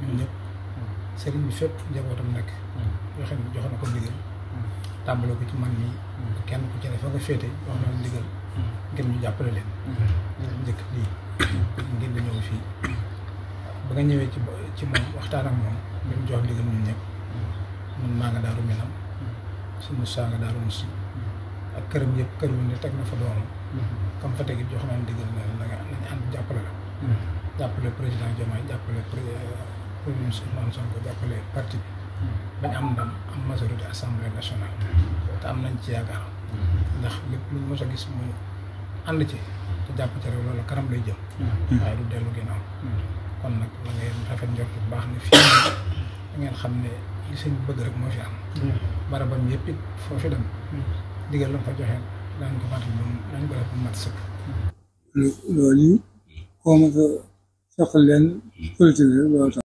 ñun ñëpp sëriñ bi fépp njabootam nekk mm. joxe joxe na ko ndigal mm. tàmbale ko ci man nii mm. kenn ku ci ne fa nga féete wax na ndigal ngir ñu njëkk lii ba nga ñëwee ci ci moom waxtaan ak moom ngir jox ndigal ñun ñëpp ñun maa nga daaru minam suñu saa nga daaru mus ak këram yëpp kër wu ne teg na fa doomam comme fa tegi jox naa ndigal na nga nañ ànd la jàppale président Diomaye jàppale président Ousmane Sonko jàppale parti bi bañ am ndam am majorité assemblée nationale te am nañ ci yaakaar ndax lépp lu mos a gis mooy ànd ci te jàpp ci rek loolu kanam lay jëm waaye du dellu ginnaaw kon nag la ngeen rafet njort bu baax ne fii da ngeen xam ne li sëñ bëgg rek moo fi am barabam yëpp it foo dem digal la fa joxeel daañ ko mat bu ko def bu mat sëkk loolu yi xaw ma ko soxal leen loolu tax